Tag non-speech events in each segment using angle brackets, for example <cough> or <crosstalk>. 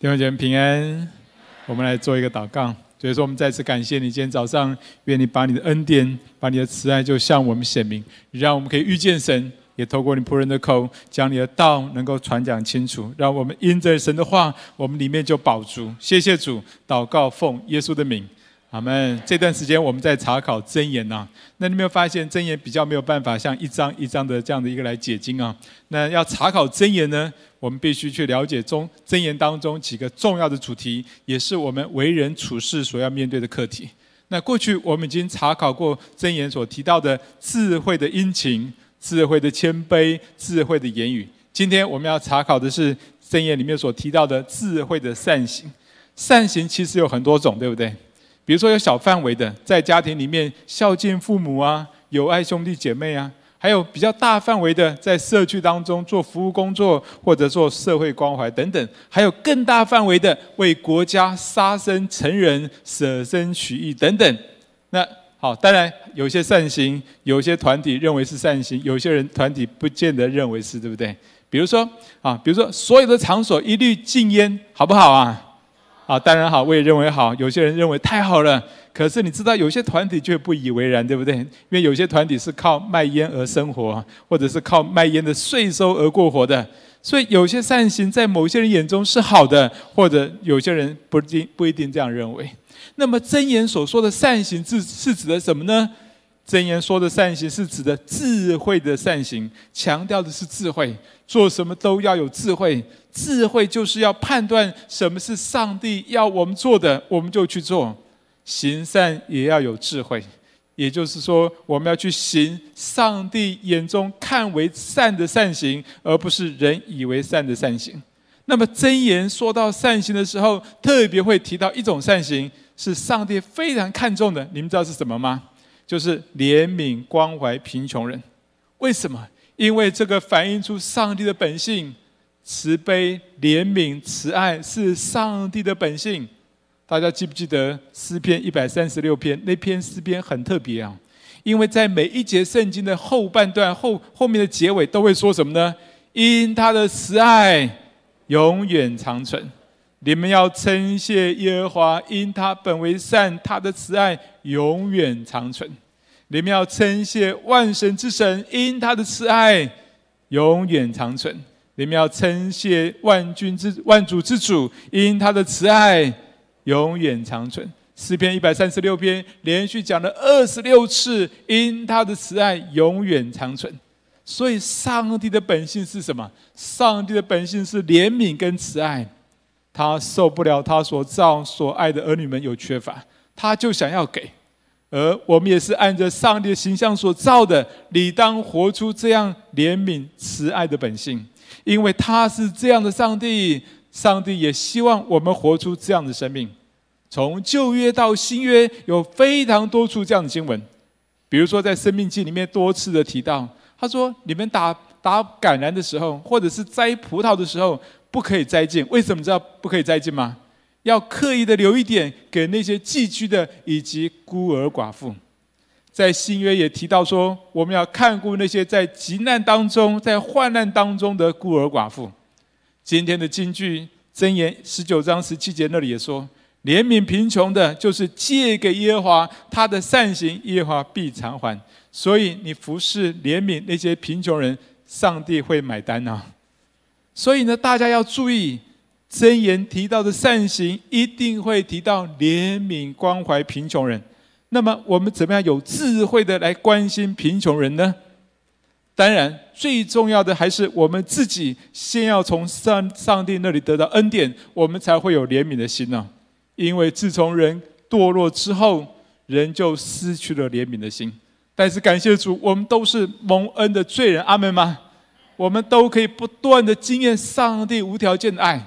弟兄姐妹平安，我們來做一個禱告。所以說，我們再次感謝你，今天早上，願你把你的恩典、把你的慈愛，就向我們顯明，讓我們可以遇見神，也透過你僕人的口，將你的道能夠傳講清楚，讓我們因着神的話，我們裡面就飽足。謝謝主，禱告奉耶穌的名。阿們，這段時間我們在查考箴言吶、啊，那你有沒有發現箴言比較沒有辦法像一章一章的這樣的一個來解經啊？那要查考箴言呢，我們必須去了解中箴言當中幾個重要的主題，也是我們為人處事所要面對的課題。那過去我們已經查考過箴言所提到的智慧的殷勤、智慧的謙卑、智慧的言語，今天我們要查考的是箴言裡面所提到的智慧的善行。善行其實有很多種，對不對？比如說，有小範圍的，在家庭裡面孝敬父母啊，友愛兄弟姐妹啊；還有比較大範圍的，在社區當中做服務工作，或者做社會關懷等等；還有更大範圍的，為國家殺身成仁、捨身取義等等。那好，當然有些善行，有些團體認為是善行，有些人團體不見得認為是對不對？比如說啊，比如說所有的場所一律禁煙，好不好啊？好，當然好，我也認為好。有些人認為太好了，可是你知道，有些團體卻不以為然，對不對？因為有些團體是靠賣煙而生活，或者是靠賣煙的稅收而過活的。所以，有些善行在某些人眼中是好的，或者有些人不一定、不一定這樣認為。那麼，箴言所說的善行是是指的什麼呢？箴言說的善行是指的智慧的善行，強調的是智慧。做什麼都要有智慧，智慧就是要判斷什麼是上帝要我們做的，我們就去做。行善也要有智慧，也就是說，我們要去行上帝眼中看為善的善行，而不是人以為善的善行。那麼，箴言說到善行的時候，特別會提到一種善行是上帝非常看重的，你們知道是什麼嗎？就是憐憫關懷貧窮人，為什麼？因為這個反映出上帝的本性，慈悲、憐憫、慈愛是上帝的本性。大家記不記得詩篇一百三十六篇？那篇詩篇很特別啊，因為在每一節聖經的後半段、後後面的結尾都會說什麼呢？因他的慈愛永遠長存。你們要稱謝耶和華，因他本為善，他的慈愛永遠長存。你們要稱謝萬神之神，因他的慈愛永遠長存。你們要稱謝萬君之萬主之主，因他的慈愛永遠長存。詩篇一百三十六篇連續講了二十六次“因他的慈愛永遠長存”。所以，上帝的本性是什麼？上帝的本性是憐憫跟慈愛。他受不了他所造所愛的兒女們有缺乏，他就想要給；而我們也是按著上帝的形象所造的，理當活出這樣憐憫慈愛的本性，因為他是這樣的上帝。上帝也希望我們活出這樣的生命。從舊約到新約，有非常多處這樣的經文，比如說在《申命記》裡面多次的提到，他說：“你們打打橄欖的時候，或者是摘葡萄的時候。”不可以再進，為什麼知道不可以再進嗎？要刻意的留一點給那些寄居的以及孤兒寡婦。在新約也提到說，我們要看顧那些在急難當中、在患難當中的孤兒寡婦。今天的經句箴言十九章十七節那裡也說，憐憫貧窮的，就是借給耶和華，他的善行，耶和華必償還。所以你服侍憐憫那些貧窮人，上帝會買單啊。所以呢，大家要注意，箴言提到的善行，一定會提到憐憫、關懷貧窮人。那麼，我們怎麼樣有智慧的來關心貧窮人呢？當然，最重要的還是我們自己先要從上上帝那裡得到恩典，我們才會有憐憫的心呢，啊。因為自從人墮落之後，人就失去了憐憫的心。但是，感謝主，我們都是蒙恩的罪人。阿門嗎？我們都可以不斷地經驗上帝無條件的愛，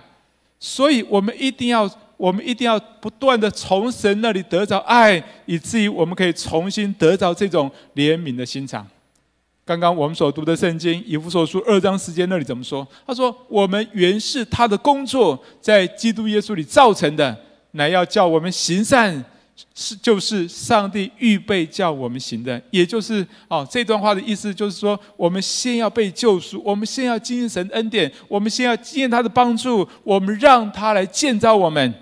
所以我們一定要，我們一定要不斷地從神那裡得着愛，以至於我們可以重新得着這種憐憫的心腸。剛剛我們所讀的聖經以弗所書二章十節那裡怎麼說？他說：“我們原是他的工作，在基督耶穌裡造成的，乃要叫我們行善。”是，就是上帝預備叫我們行的，也就是哦，這段話的意思就是說，我們先要被救贖，我們先要接受神恩典，我們先要經驗他的幫助，我們讓他來建造我們，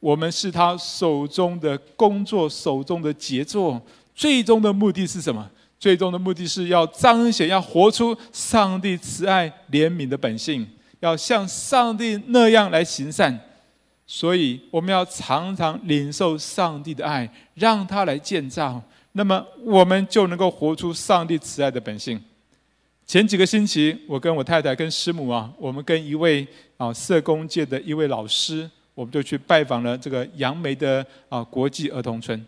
我們是他手中的工作，手中的傑作。最終的目的是什麼？最終的目的是要彰顯，要活出上帝慈愛憐憫的本性，要像上帝那樣來行善。所以，我們要常常領受上帝的愛，讓他來建造，那麼我們就能夠活出上帝慈愛的本性。前幾個星期，我跟我太太跟師母啊，我們跟一位啊社工界的一位老師，我們就去拜訪了這個楊梅的啊國際兒童村，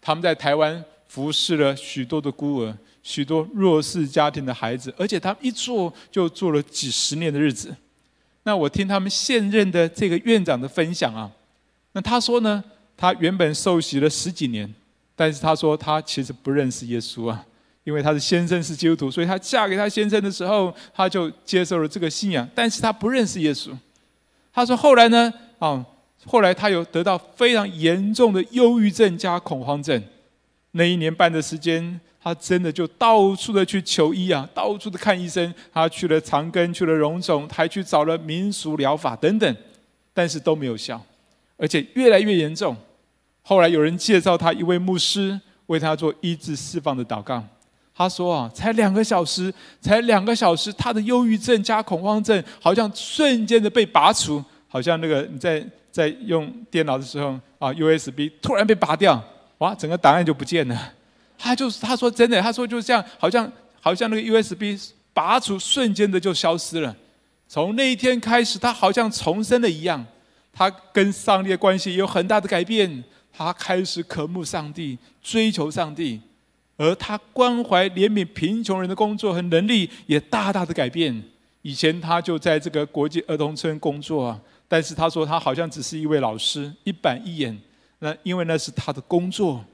他們在台灣服侍了許多的孤兒、許多弱勢家庭的孩子，而且他們一做就做了幾十年的日子。那我聽他們現任的這個院長的分享啊，那他說呢，他原本受洗了十幾年，但是他說他其實不認識耶穌啊，因為他的先生是基督徒，所以他嫁給他先生的時候，他就接受了這個信仰，但是他不認識耶穌。他說後來呢，啊，後來他有得到非常嚴重的憂鬱症加恐慌症，那一年半的時間。他真的就到處的去求醫啊，到處的看醫生。他去了長庚，去了榮總，還去找了民俗療法等等，但是都沒有效，而且越來越嚴重。後來有人介紹他一位牧師為他做醫治釋放的禱告。他說啊，才兩個小時，才兩個小時，他的憂鬱症加恐慌症好像瞬間的被拔除，好像那個你在在用電腦的時候啊，USB 突然被拔掉，哇，整個檔案就不見了。他就是他說真的，他說就是這樣，好像好像那個 USB 拔出瞬間的就消失了。從那一天開始，他好像重生了一樣，他跟上帝的關係有很大的改變。他開始渴慕上帝，追求上帝，而他關懷憐憫貧窮人的工作和能力也大大的改變。以前他就在這個國際兒童村工作啊，但是他說他好像只是一位老師，一板一眼。那因為那是他的工作。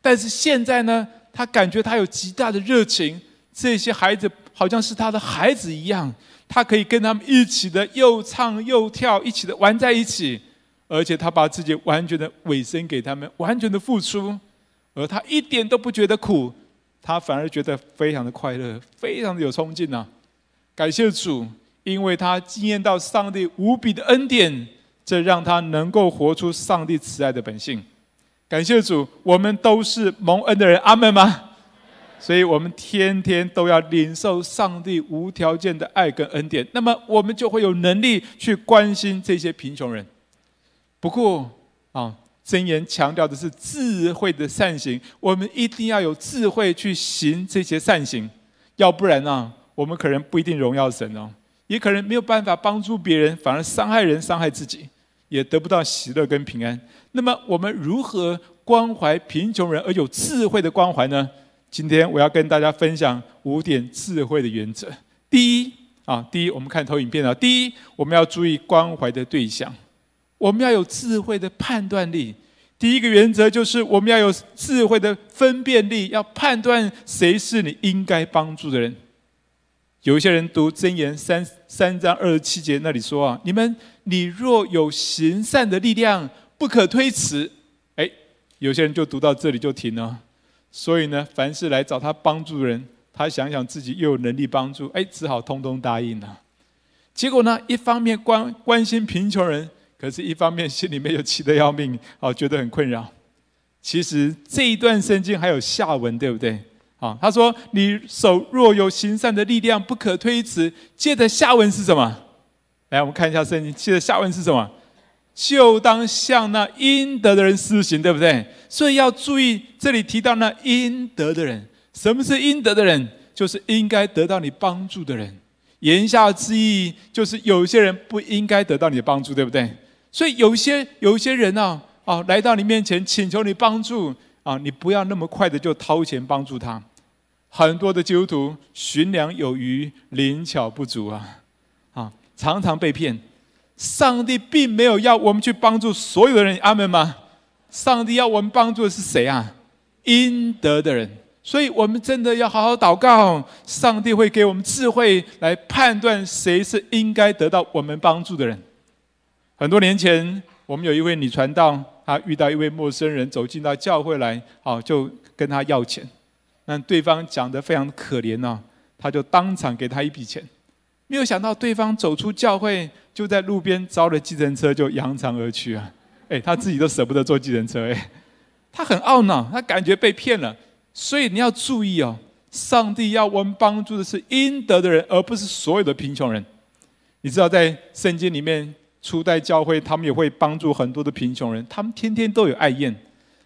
但是現在呢，他感覺他有極大的熱情，這些孩子好像是他的孩子一樣，他可以跟他們一起的又唱又跳，一起的玩在一起，而且他把自己完全的委身給他們，完全的付出，而他一點都不覺得苦，他反而覺得非常的快樂，非常的有衝勁啊！感謝主，因為他經驗到上帝無比的恩典，這讓他能夠活出上帝慈愛的本性。感謝主，我們都是蒙恩的人，阿門嗎？所以，我們天天都要領受上帝無條件的愛跟恩典，那麼我們就會有能力去關心這些貧窮人。不過啊，箴言強調的是智慧的善行，我們一定要有智慧去行這些善行，要不然呢、啊，我們可能不一定榮耀神哦，也可能沒有辦法幫助別人，反而傷害人、傷害自己。也得不到喜樂跟平安。那麼，我們如何關懷貧窮人而有智慧的關懷呢？今天我要跟大家分享五點智慧的原則。第一啊，第一，我們看投影片啊，第一，我們要注意關懷的對象，我們要有智慧的判斷力。第一個原則就是，我們要有智慧的分辨力，要判斷誰是你應該幫助的人。有些人讀《箴言》三三章二十七節那裡說啊，你們，你若有行善的力量，不可推辭。哎，有些人就讀到這裡就停了。所以呢，凡是來找他幫助的人，他想想自己又有能力幫助，哎，只好通通答應了。結果呢，一方面關關心貧窮人，可是一方面心裡面又氣得要命，哦，覺得很困擾。其實這一段聖經還有下文，對不對？好，哦、他說：“你手若有行善的力量，不可推辭。”借的下文是什麼？來，我們看一下聖經。借的下文是什麼？就當向那應得的人施行，對不對？所以要注意這裡提到那應得的人，什麼是應得的人？就是應該得到你幫助的人。言下之意就是有些人不應該得到你的幫助，對不對？所以有些有些人呢，啊、哦，來到你面前請求你幫助，啊，你不要那麼快的就掏錢幫助他。很多的基督徒馴良有餘，靈巧不足啊，啊，常常被騙。上帝並沒有要我們去幫助所有的人，阿們嗎？上帝要我們幫助的是誰啊？應得的人。所以我們真的要好好禱告，上帝會給我們智慧來判斷誰是應該得到我們幫助的人。很多年前，我們有一位女傳道，她遇到一位陌生人走進到教會來，哦，就跟他要錢。那對方講得非常可憐呢、哦，他就當場給他一筆錢，沒有想到對方走出教會，就在路邊招了計程車就揚長而去啊、哎！他自己都捨不得坐計程車、哎、他很懊惱，他感覺被騙了。所以你要注意哦，上帝要我們幫助的是應得的人，而不是所有的貧窮人。你知道在聖經裡面，初代教會他們也會幫助很多的貧窮人，他們天天都有愛宴，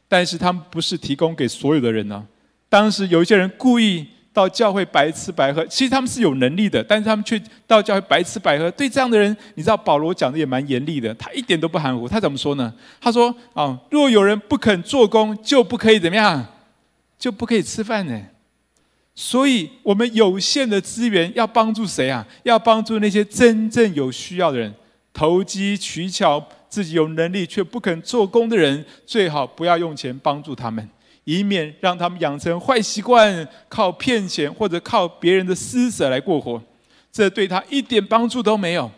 但是他們不是提供給所有的人呢、啊。當時有一些人故意到教會白吃白喝，其實他們是有能力的，但是他們卻到教會白吃白喝。對這樣的人，你知道保羅講的也蠻嚴厲的，他一點都不含糊。他怎麼說呢？他說：“啊，若有人不肯做工，就不可以怎麼樣，就不可以吃飯呢。”所以，我們有限的資源要幫助誰啊？要幫助那些真正有需要的人。投機取巧、自己有能力卻不肯做工的人，最好不要用錢幫助他們。以免讓他們養成壞習慣，靠騙錢或者靠別人的施捨來過活，這對他一點幫助都沒有。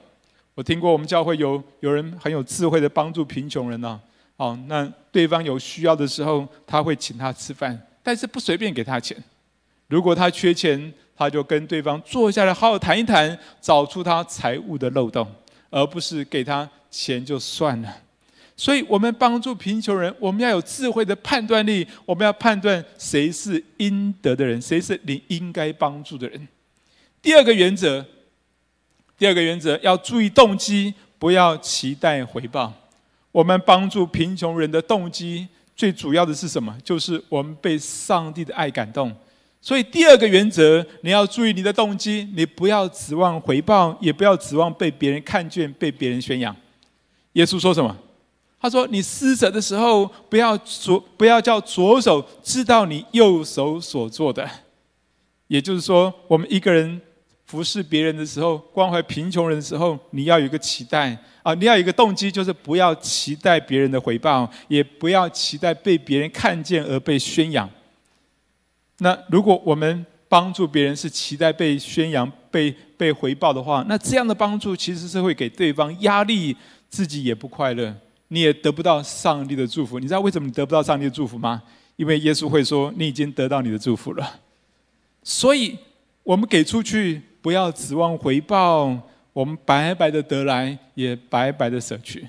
我聽過我們教會有有人很有智慧的幫助貧窮人呢，哦，那對方有需要的時候，他會請他吃飯，但是不隨便給他錢。如果他缺錢，他就跟對方坐下來好好談一談，找出他財務的漏洞，而不是給他錢就算了。所以我們幫助貧窮人，我們要有智慧的判斷力，我們要判斷誰是應得的人，誰是你應該幫助的人。第二個原則，第二個原則要注意動機，不要期待回報。我們幫助貧窮人的動機，最主要的是什麼？就是我們被上帝的愛感動。所以第二個原則，你要注意你的動機，你不要指望回報，也不要指望被別人看見、被別人宣揚。耶穌說什麼？他說：“你施捨的時候，不要左，不要叫左手知道你右手所做的。也就是說，我們一個人服侍別人的時候，關懷貧窮人的時候，你要有一個期待啊，你要有一個動機，就是不要期待別人的回報，也不要期待被別人看見而被宣揚。那如果我們幫助別人是期待被宣揚、被被回報的話，那這樣的幫助其實是會給對方壓力，自己也不快樂。”你也得不到上帝的祝福，你知道為什麼你得不到上帝的祝福嗎？因為耶穌會說，你已經得到你的祝福了。所以，我們給出去不要指望回報，我們白白的得來也白白的捨去。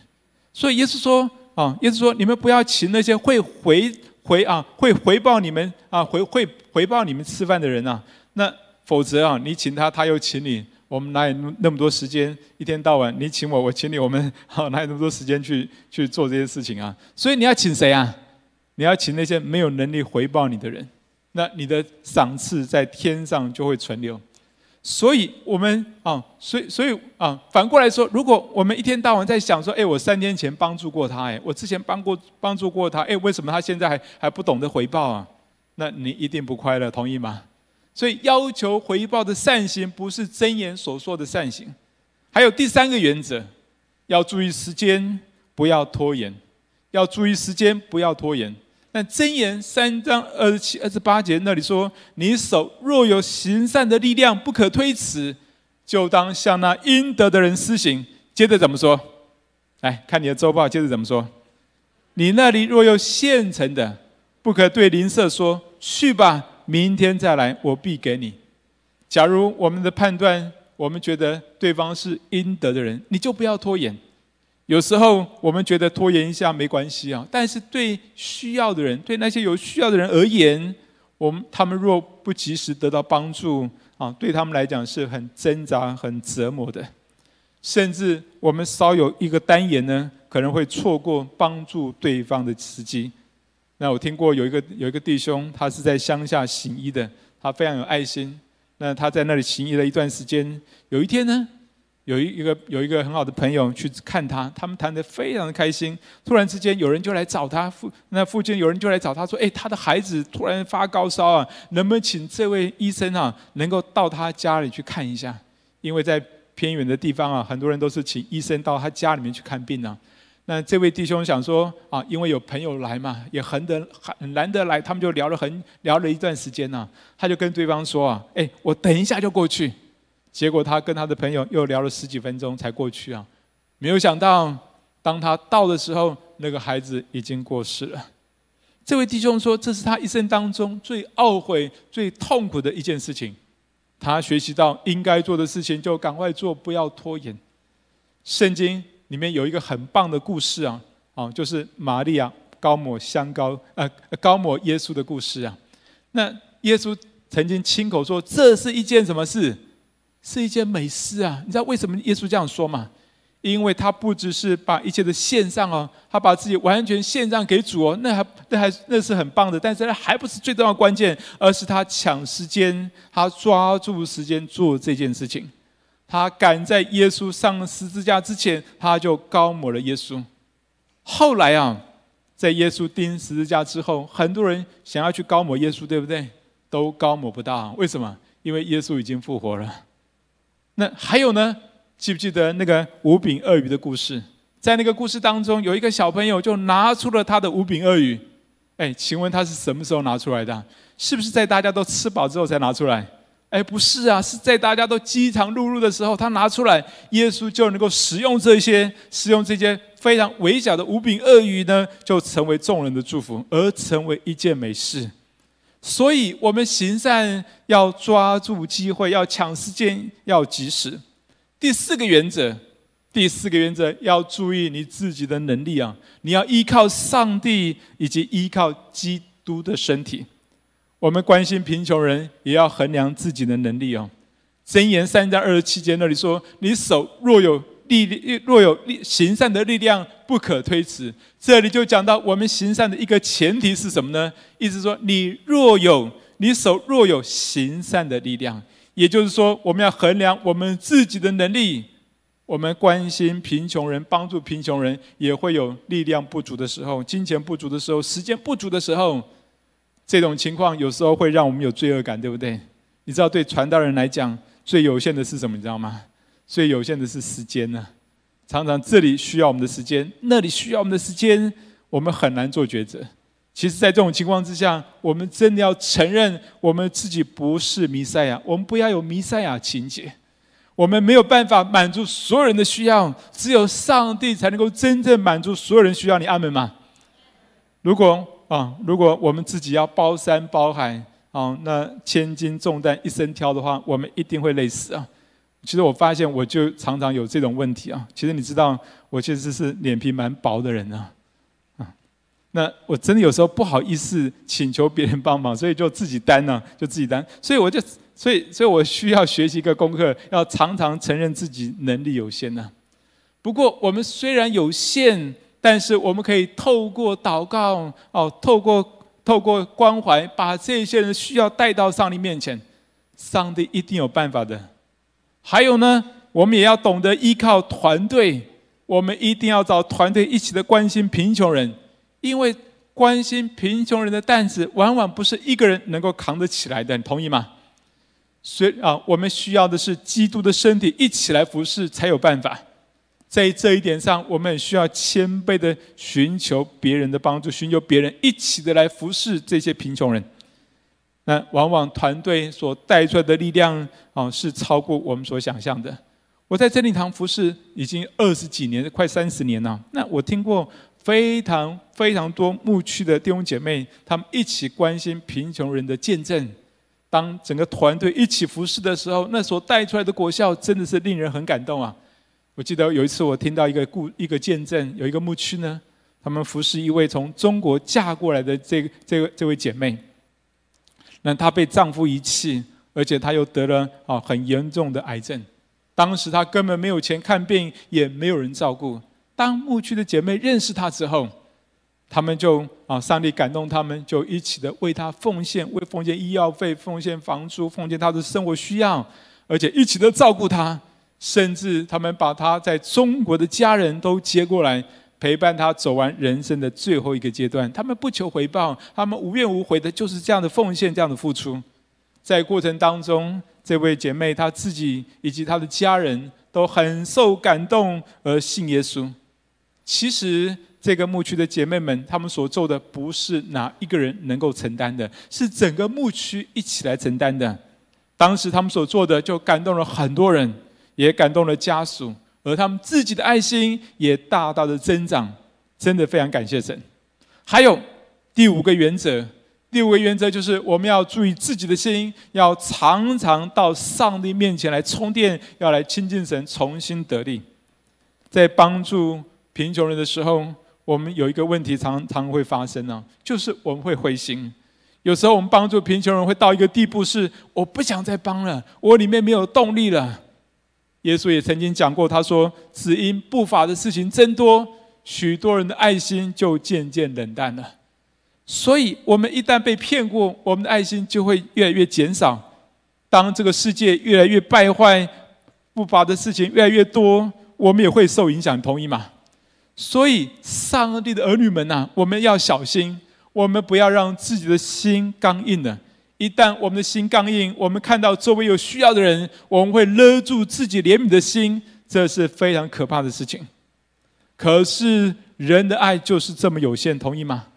所以，耶穌說啊，耶穌說，你們不要請那些會回回啊會回報你們啊回會會回報你們吃飯的人啊，那否則啊，你請他，他又請你。我們哪有那麼多時間？一天到晚你請我，我請你，我們好哪有那麼多時間去去做這些事情啊？所以你要請誰啊？你要請那些沒有能力回報你的人，那你的賞賜在天上就會存留。所以，我們啊，所以，所以啊，反過來說，如果我們一天到晚在想說，哎，我三天前幫助過他，哎，我之前幫過幫助過他，哎，為什麼他現在還還不懂得回報啊？那你一定不快樂，同意嗎？所以要求回報的善行不是箴言所說的善行，還有第三個原則，要注意時間，不要拖延，要注意時間，不要拖延。那箴言三章二十七、二十八節那裡說：“你手若有行善的力量，不可推辭，就當向那應得的人施行。”接着怎麼說？來看你的週報，接着怎麼說？你那裡若有現成的，不可對鄰舍說：“去吧。”明天再來，我必給你。假如我們的判斷，我們覺得對方是應得的人，你就不要拖延。有時候我們覺得拖延一下沒關係啊，但是對需要的人，對那些有需要的人而言，我們他們若不及時得到幫助啊，對他們來講是很掙扎、很折磨的。甚至我們稍有一個耽延呢，可能會錯過幫助對方的時機。那我聽過有一個有一個弟兄，他是在鄉下行醫的，他非常有愛心。那他在那裡行醫了一段時間，有一天呢，有一一個有一個很好的朋友去看他，他們談得非常的開心。突然之間，有人就來找他，附那附近有人就來找他說：“哎，他的孩子突然發高燒啊，能不能請這位醫生啊，能夠到他家裡去看一下？因為在偏遠的地方啊，很多人都是請醫生到他家裡面去看病啊。”那這位弟兄想說啊，因為有朋友來嘛，也很得很難得來，他們就聊了很聊了一段時間呢，啊，他就跟對方說啊，哎，我等一下就過去。結果他跟他的朋友又聊了十幾分鐘才過去啊。沒有想到，當他到的時候，那個孩子已經過世了。這位弟兄說，這是他一生當中最懊悔、最痛苦的一件事情。他學習到應該做的事情就趕快做，不要拖延。聖經。裡面有一個很棒的故事啊，哦，就是瑪利亞膏抹香膏，呃，膏抹耶穌的故事啊。那耶穌曾經親口說，這是一件什麼事？是一件美事啊！你知道為什麼耶穌這樣說嗎？因為他不只是把一切的獻上哦，他把自己完全獻上給主哦，那還那還那是很棒的。但是，那還不是最重要的關鍵，而是他搶時間，他抓住時間做這件事情。他趕在耶穌上十字架之前，他就膏抹了耶穌。後來啊，在耶穌釘十字架之後，很多人想要去膏抹耶穌，對不對？都膏抹不到，為什麼？因為耶穌已經復活了。那還有呢？記不記得那個五餅二魚的故事？在那個故事當中，有一個小朋友就拿出了他的五餅二魚。哎，請問他是什麼時候拿出來的？是不是在大家都吃飽之後才拿出來？哎，不是啊，是在大家都飢腸轆轆的時候，他拿出來，耶穌就能夠使用這些，使用這些非常微小的五餅二魚呢，就成為眾人的祝福，而成為一件美事。所以，我們行善要抓住機會，要搶時間，要及時。第四個原則，第四個原則要注意你自己的能力啊，你要依靠上帝以及依靠基督的身體。我們關心貧窮人，也要衡量自己的能力哦。箴言三章二十七節那裡說：“你手若有力，若有力行善的力量，不可推辭。”這裡就講到我們行善的一個前提是什麼呢？意思說，你若有，你手若有行善的力量，也就是說，我們要衡量我們自己的能力。我們關心貧窮人，幫助貧窮人，也會有力量不足的時候、金錢不足的時候、時間不足的時候。這種情況有時候會讓我們有罪惡感，對不對？你知道，對傳道人來講，最有限的是什麼？你知道嗎？最有限的是時間呢。常常這裡需要我們的時間，那裡需要我們的時間，我們很難做抉擇。其實，在這種情況之下，我們真的要承認，我們自己不是彌賽亞，我們不要有彌賽亞情結。我們沒有辦法滿足所有人的需要，只有上帝才能夠真正滿足所有人需要。你阿們嗎？如果。啊，如果我們自己要包山包海，啊，那千斤重擔一身挑的話，我們一定會累死啊！其實我發現，我就常常有這種問題啊。其實你知道，我其實是臉皮蠻薄的人啊。啊，那我真的有時候不好意思請求別人幫忙，所以就自己擔呢，就自己擔。所以我就，所以，所以我需要學習一個功課，要常常承認自己能力有限呢。不過，我們雖然有限。但是我們可以透過禱告哦，透過透過關懷，把這些人需要帶到上帝面前，上帝一定有辦法的。還有呢，我們也要懂得依靠團隊，我們一定要找團隊一起的關心貧窮人，因為關心貧窮人的擔子，往往不是一個人能夠扛得起來的，你同意嗎？所以啊，我們需要的是基督的身體一起來服侍才有辦法。在這一點上，我們很需要謙卑的尋求別人的幫助，尋求別人一起的來服侍這些貧窮人。那往往團隊所帶出來的力量啊，是超過我們所想象的。我在真理堂服侍已經二十幾年，快三十年了。那我聽過非常非常多牧區的弟兄姐妹，他們一起關心貧窮人的見證，當整個團隊一起服侍的時候，那所帶出來的果效真的是令人很感動啊。我記得有一次，我聽到一個故一個見證，有一個牧區呢，他們服侍一位從中國嫁過來的這這這位姐妹。那她被丈夫遺棄，而且她又得了啊很嚴重的癌症。當時她根本沒有錢看病，也沒有人照顧。當牧區的姐妹認識她之後，他們就啊，上帝感動他們，就一起的為她奉獻，為奉獻醫藥費，奉獻房租，奉獻她的生活需要，而且一起的照顧她。甚至他們把他在中國的家人都接過來，陪伴他走完人生的最後一個階段。他們不求回報，他們無怨無悔的，就是這樣的奉獻，這樣的付出。在過程當中，這位姐妹她自己以及她的家人都很受感動而信耶穌。其實這個牧區的姐妹們，她們所做的不是哪一個人能夠承擔的，是整個牧區一起來承擔的。當時他們所做的，就感動了很多人。也感動了家屬，而他們自己的愛心也大大的增長。真的非常感謝神。還有第五個原則，第五個原則就是我們要注意自己的心，要常常到上帝面前來充電，要來親近神，重新得力。在幫助貧窮人的時候，我們有一個問題常常會發生呢，就是我們會灰心。有時候我們幫助貧窮人會到一個地步，是我不想再幫了，我裡面沒有動力了。耶穌也曾經講過，他說：“只因不法的事情增多，許多人的愛心就漸漸冷淡了。所以，我們一旦被騙過，我們的愛心就會越來越減少。當這個世界越來越敗壞，不法的事情越來越多，我們也會受影響。同意嗎？所以，上帝的兒女們吶、啊，我們要小心，我們不要讓自己的心剛硬了。一旦我們的心剛硬，我們看到周圍有需要的人，我們會勒住自己憐憫的心，這是非常可怕的事情。可是人的愛就是這麼有限，同意嗎？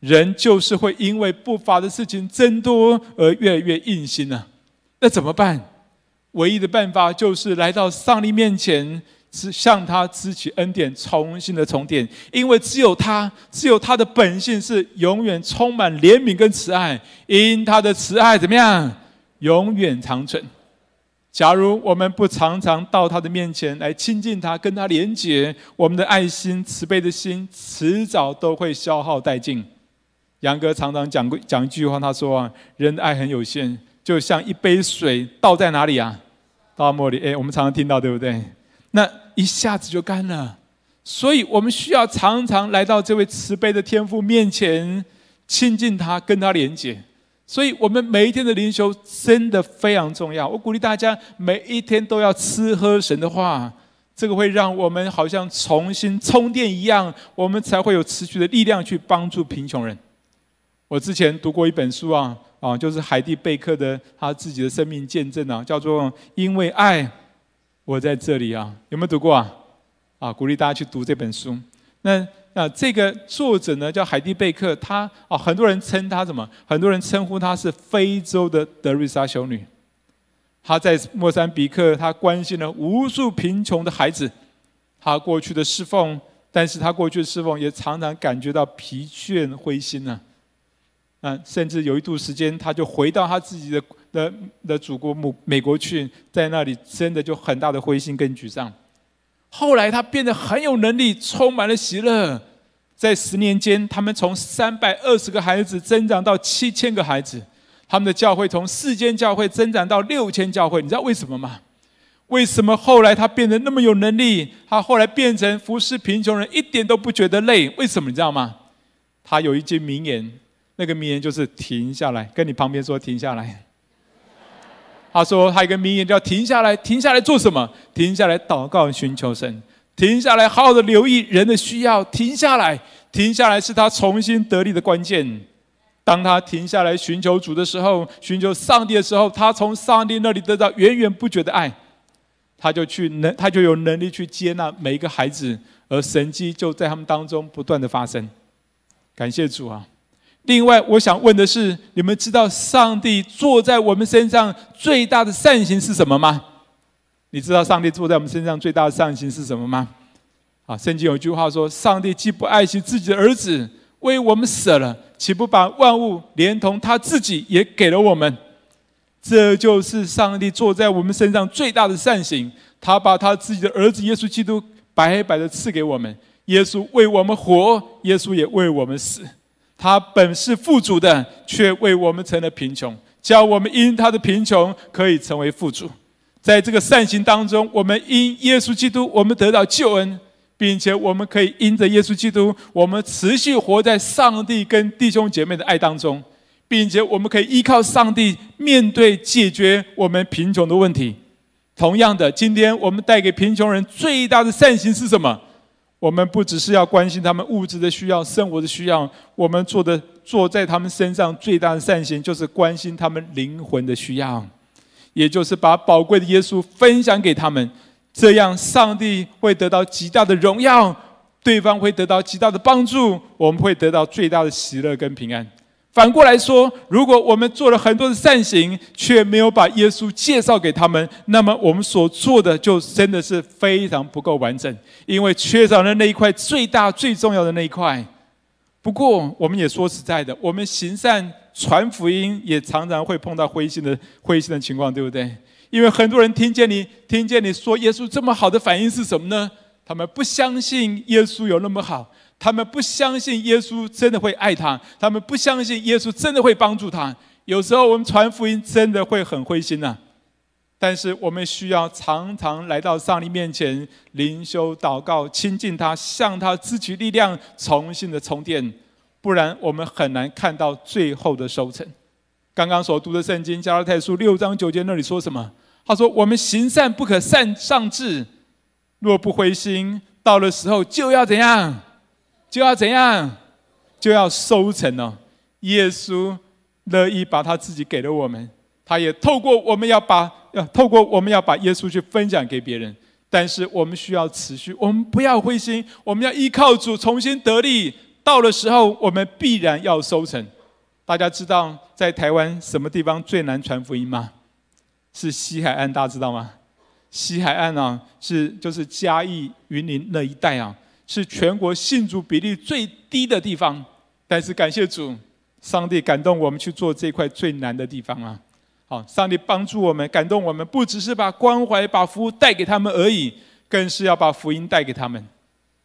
人就是會因為不法的事情增多而越來越硬心呢？那怎麼辦？唯一的辦法就是來到上帝面前。是向他支取恩典，重新的重典，因為只有他，只有他的本性是永遠充滿憐憫跟慈愛，因他的慈愛怎麼樣，永遠長存。假如我們不常常到他的面前來親近他，跟他連結，我們的愛心、慈悲的心，遲早都會消耗殆盡。楊哥常常講過講一句話，他說啊，人的愛很有限，就像一杯水倒在哪裡啊，倒茉莉。誒，我們常常聽到，對不對？那。一下子就乾了，所以我們需要常常來到這位慈悲的天父面前，親近他，跟他連接。所以我們每一天的靈修真的非常重要。我鼓勵大家每一天都要吃喝神的話，這個會讓我們好像重新充電一樣，我們才會有持續的力量去幫助貧窮人。我之前讀過一本書啊，啊，就是海蒂貝克的他自己的生命見證啊，叫做《因為愛》。我在這裡啊，有沒有讀過啊？啊，鼓勵大家去讀這本書。那啊，那這個作者呢，叫海蒂·貝克，他啊、哦，很多人稱他什麼？很多人稱呼他是非洲的德瑞莎修女。他在莫三比克，他關心了無數貧窮的孩子。他過去的侍奉，但是他過去的侍奉也常常感覺到疲倦、灰心呢、啊。嗯，甚至有一度時間，他就回到他自己的。的的祖國母美國去，在那裡真的就很大的灰心跟沮喪。後來他變得很有能力，充滿了喜樂。在十年間，他們從三百二十個孩子增長到七千個孩子，他們的教會從四千教會增長到六千教會。你知道為什麼嗎？為什麼後來他變得那麼有能力？他後來變成服侍貧窮人，一點都不覺得累。為什麼？你知道嗎？他有一句名言，那個名言就是“停下來”，跟你旁邊說“停下來”。他說：“他一個名言，叫‘停下來，停下來做什麼？停下來禱告，尋求神；停下來，好好的留意人的需要。停下來，停下來是他重新得力的關鍵。當他停下來尋求主的時候，尋求上帝的時候，他從上帝那裡得到源源不絕的愛，他就去能，他就有能力去接納每一個孩子，而神蹟就在他們當中不斷的發生。感謝主啊！”另外，我想問的是，你們知道上帝坐在我們身上最大的善行是什麼嗎？你知道上帝坐在我們身上最大的善行是什麼嗎？啊，聖經有一句話說：“上帝既不愛惜自己的兒子，為我們死了，豈不把萬物連同他自己也給了我們？”這就是上帝坐在我們身上最大的善行。他把他自己的兒子耶穌基督白白的賜給我們。耶穌為我們活，耶穌也為我們死。他本是富足的，卻為我們成了貧窮，叫我們因他的貧窮可以成為富足。在這個善行當中，我們因耶穌基督，我們得到救恩，並且我們可以因着耶穌基督，我們持續活在上帝跟弟兄姐妹的愛當中，並且我們可以依靠上帝面對解決我們貧窮的問題。同樣的，今天我們帶給貧窮人最大的善行是什麼？我們不只是要關心他們物質的需要、生活的需要，我們做的、做在他們身上最大的善行，就是關心他們靈魂的需要，也就是把寶貴的耶穌分享給他們。這樣，上帝會得到極大的榮耀，對方會得到極大的幫助，我們會得到最大的喜樂跟平安。反過來說，如果我們做了很多的善行，卻沒有把耶穌介紹給他們，那麼我們所做的就真的是非常不夠完整，因為缺少了那一塊最大最重要的那一塊。不過，我們也說實在的，我們行善傳福音，也常常會碰到灰心的灰心的情況，對不對？因為很多人聽見你聽見你說耶穌這麼好的反應是什麼呢？他們不相信耶穌有那麼好。他們不相信耶穌真的會愛他，他們不相信耶穌真的會幫助他。有時候我們傳福音真的會很灰心吶、啊，但是我們需要常常來到上帝面前靈修禱告，親近他，向他支取力量，重新的充電，不然我們很難看到最後的收成。剛剛所讀的聖經《加拉太書》六章九節那裡說什麼？他說：“我們行善不可喪志，若不灰心，到了時候就要怎樣？”就要怎樣，就要收成了。耶穌樂意把他自己給了我們，他也透過我們要把要透過我們要把耶穌去分享給別人。但是我們需要持續，我們不要灰心，我們要依靠主重新得力。到了時候，我們必然要收成。大家知道在台灣什麼地方最難傳福音嗎？是西海岸，大家知道嗎？西海岸啊，是就是嘉義雲林那一帶啊。是全國信主比例最低的地方，但是感謝主，上帝感動我們去做這塊最難的地方啊！好，上帝幫助我們，感動我們，不只是把關懷、把服務帶給他們而已，更是要把福音帶給他們。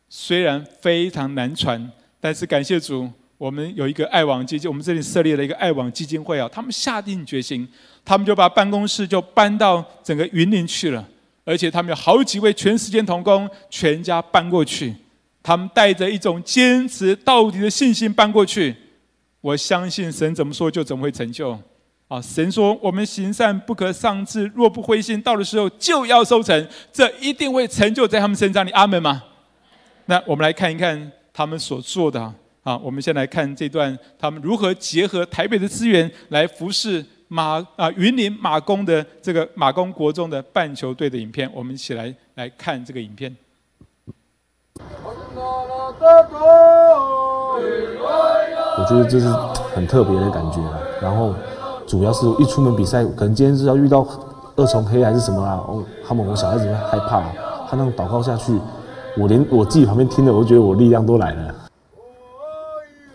雖然非常難傳，但是感謝主，我們有一個愛網基金，我們這裡設立了一個愛網基金會啊，他們下定決心，他們就把辦公室就搬到整個雲林去了，而且他們有好幾位全時間同工全家搬過去。他們帶着一種堅持到底的信心搬過去，我相信神怎麼說就怎麼會成就啊！神說我們行善不可喪志，若不灰心，到的時候就要收成，這一定會成就在他們身上的。阿門嗎？那我們來看一看他們所做的啊！我們先來看這段他們如何結合台北的資源來服侍馬啊雲林馬公的這個馬公國中的棒球隊的影片，我們一起來來看這個影片。我覺得這是很特別的感覺啊，然後主要是一出門比賽，可能今天是要遇到二重黑還是什麼啊？哦，他們我小孩子會害怕啊，他那種禱告下去，我連我自己旁邊聽的我都覺得我力量都來了。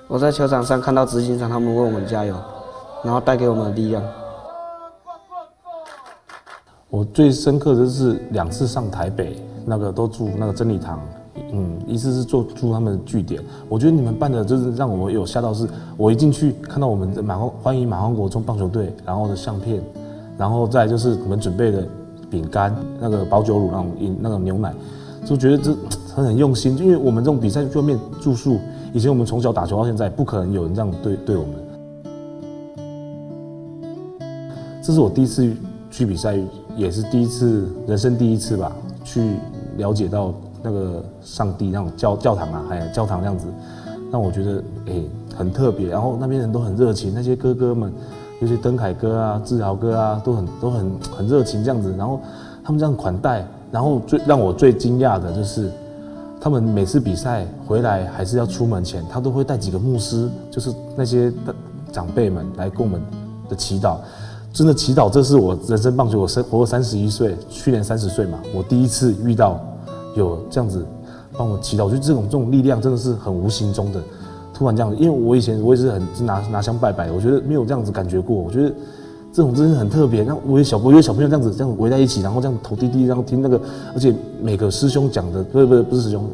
我在球場上看到執行長他們為我們加油，然後帶給我們的力量。我最深刻的是兩次上台北，那個都住那個真理堂。嗯，一次是做出他們的據點，我覺得你們辦的就是讓我有嚇到是，是我一進去看到我們的馬歡歡迎馬歡國中棒球隊，然後的相片，然後再就是我們準備的餅乾，那個保久乳那種飲那種牛奶，就覺得這很很用心，因為我們這種比賽外面住宿，以前我們從小打球到現在，不可能有人這樣對對我們。這是我第一次去比賽，也是第一次人生第一次吧，去了解到。那個上帝，那種教教堂啊，還有教堂這樣子，讓我覺得哎、欸、很特別。然後那邊人都很熱情，那些哥哥們，就是登凱哥啊、志豪哥啊，都很都很很熱情這樣子。然後他們這樣款待，然後最讓我最驚訝的就是，他們每次比賽回來還是要出門前，他都會帶幾個牧師，就是那些長輩們來供我們的祈禱，真的祈禱。這是我人生棒球，我生活了三十一歲，去年三十歲嘛，我第一次遇到，有這樣子幫我祈禱，我覺得這種這種力量真的是很無形中的，突然這樣。因為我以前我也是很拿拿香拜拜，我覺得沒有這樣子感覺過。我覺得這種真的很特別。然後我有小我有小朋友這樣子這樣圍在一起，然後這樣頭低低，然後聽那個，而且每個師兄講的不不不是師兄，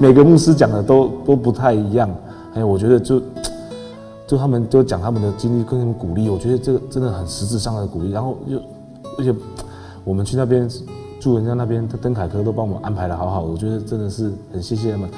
每個牧師講的都都不太一樣。還有我覺得就就他們就講他們的經歷，跟他們鼓勵，我覺得這個真的很實質上的鼓勵。然後就而且我們去那邊，住人家那邊的鄧凱科都幫我們安排的好好，我覺得真的是很謝謝他們，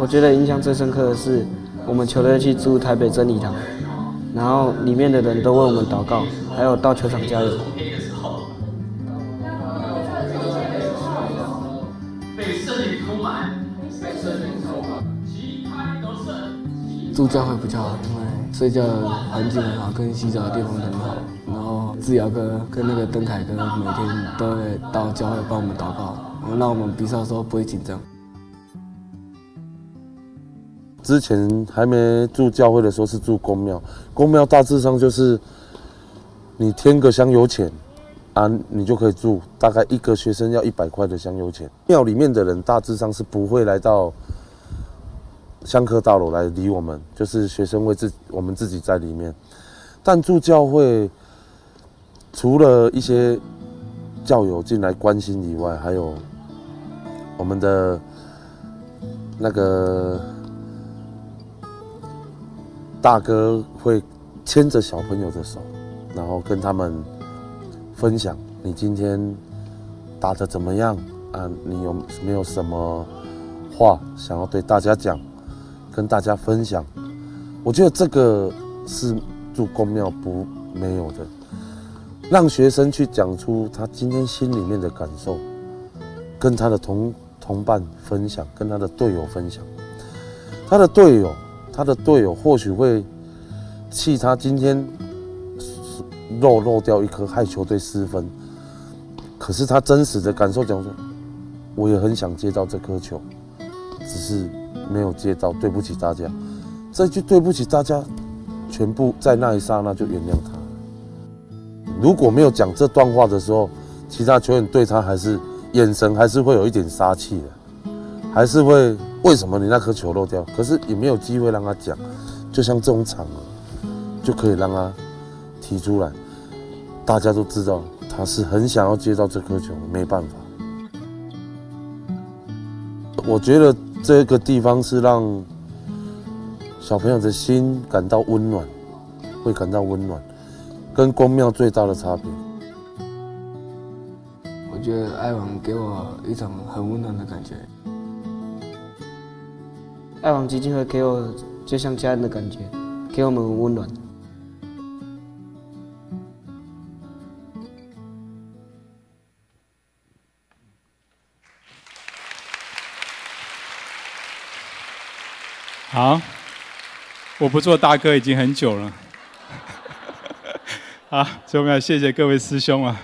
我覺得印象最深刻的是我們球隊去住台北真理堂。然後裡面的人都為我們禱告，還有到球場加油。住教會比較好，因為睡覺的環境很好，跟洗澡的地方很好。然後志堯哥跟那個鄧凱哥每天都會到教會幫我們禱告，然後讓我們比賽的時候不會緊張。之前還沒住教會的時候是住宮廟，宮廟大致上就是，你添個香油錢，啊，你就可以住。大概一個學生要一百塊的香油錢。廟裡面的人大致上是不會來到香客大樓來理我們，就是學生會自己我們自己在裡面。但住教會，除了一些教友進來關心以外，還有我們的那個。大哥會牽着小朋友的手，然後跟他們分享，你今天打得怎麼樣啊？你有沒有什麼話想要對大家講？跟大家分享，我覺得這個是住公廟不沒有的，讓學生去講出他今天心裡面的感受，跟他的同同伴分享，跟他的隊友分享，他的隊友。他的隊友或許會氣他今天漏漏掉一顆，害球隊失分。可是他真實的感受講說，我也很想接到這顆球，只是沒有接到，對不起大家。這句對不起大家，全部在那一剎那就原諒他了。如果沒有講這段話的時候，其他球員對他還是眼神還是會有一點殺氣的，還是會。為什麼你那顆球漏掉？可是也沒有機會讓他講，就像這種場合，就可以讓他提出來，大家都知道他是很想要接到這顆球，沒辦法。我覺得這個地方是讓小朋友的心感到溫暖，會感到溫暖，跟宮廟最大的差別。我覺得艾文給我一種很溫暖的感覺。愛網基金會給我就像家人的感覺，給我們溫暖。好，我不做大哥已經很久了。啊， <laughs> 所以我們要謝謝各位師兄啊。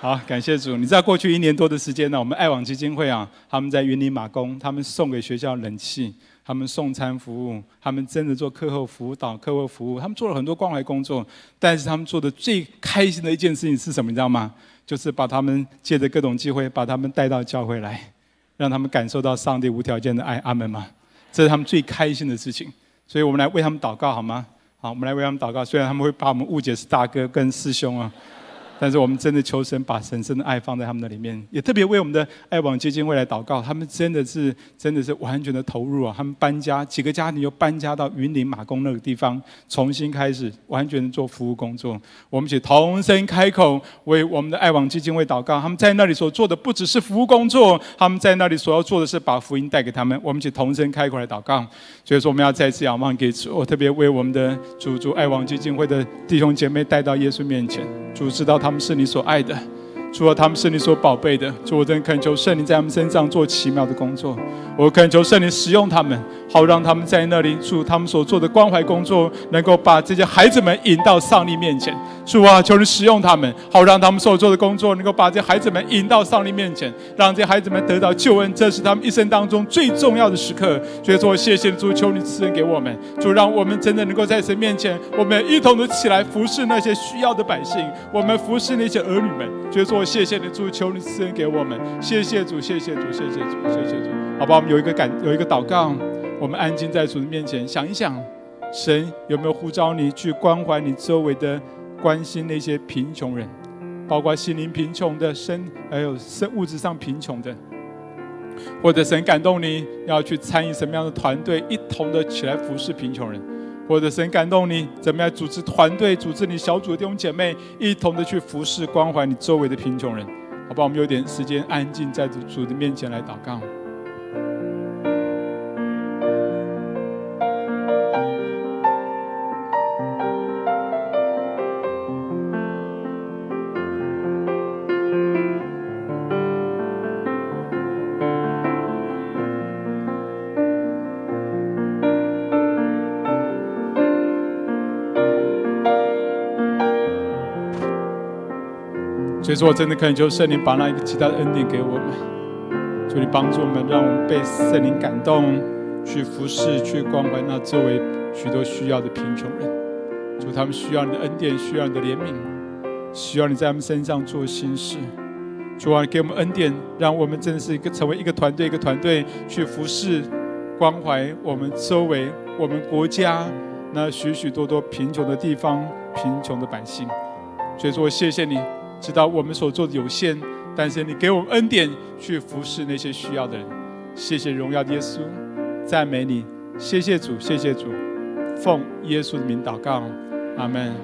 好，感謝主！你知道過去一年多的時間呢，我們愛網基金會啊，他們在雲林馬公，他們送給學校冷氣，他們送餐服務，他們真的做課後輔導、課後服務，他們做了很多關懷工作。但是他們做的最開心的一件事情是什麼？你知道嗎？就是把他們借着各種機會，把他們帶到教會來，讓他們感受到上帝無條件的愛。阿門嗎？這是他們最開心的事情。所以我們來為他們禱告，好嗎？好，我們來為他們禱告。雖然他們會把我們誤解是大哥跟師兄啊。但是我們真的求神把神聖的愛放在他們那裡面，也特別為我們的愛網基金會來禱告。他們真的是真的是完全的投入啊！他們搬家，幾個家庭又搬家到雲林馬公那個地方，重新開始，完全做服務工作。我們一起同聲開口為我們的愛網基金會禱告。他們在那裡所做的不只是服務工作，他們在那裡所要做的是把福音帶給他們。我們一起同聲開口來禱告。所以說，我們要再次仰望給主，我特別為我們的主主愛網基金會的弟兄姐妹帶到耶穌面前，主知道他。他們是你所愛的，除了他們是你所寶貝的。祝我真懇求聖靈在他們身上做奇妙的工作，我懇求聖靈使用他們，好讓他們在那裡做他們所做的關懷工作，能夠把這些孩子們引到上帝面前。主啊，求你使用他們，好讓他們所做的工作能夠把這孩子們引到上帝面前，讓這孩子們得到救恩。這是他們一生當中最重要的時刻。所以說，謝謝主，求你賜恩給我們，主讓我們真的能夠在神面前，我們一同的起來服侍那些需要的百姓，我們服侍那些兒女們。所以說，謝謝你，主，求你賜恩給我們，謝謝。謝謝主，謝謝主，謝謝主，謝謝主。好吧，我們有一個感，有一個禱告。我們安靜在主的面前，想一想，神有沒有呼召你去關懷你周圍的？關心那些貧窮人，包括心靈貧窮的身，還有身物質上貧窮的。或者神感動你，要去參與什麼樣的團隊，一同的起來服侍貧窮人；或者神感動你，怎麼樣組織團隊，組織你小組弟兄姐妹，一同的去服侍關懷你周圍的貧窮人，好不好？我們有點時間，安靜在主的面前來禱告。所以說我真的懇求聖靈，把那一個其他的恩典給我們，求你幫助我們，讓我們被聖靈感動，去服侍，去關懷那周圍許多需要的貧窮人。求他們需要你的恩典，需要你的憐憫，需要你在他們身上做新事。主啊，給我們恩典，讓我們真的是一個成為一個團隊，一個團隊去服侍、關懷我們周圍、我們國家那許許多多貧窮的地方、貧窮的百姓。所以說我謝謝你。知道我們所做的有限，但是你給我們恩典去服侍那些需要的人。謝謝榮耀耶穌，讚美你。謝謝主，謝謝主，奉耶穌的名禱告，阿門。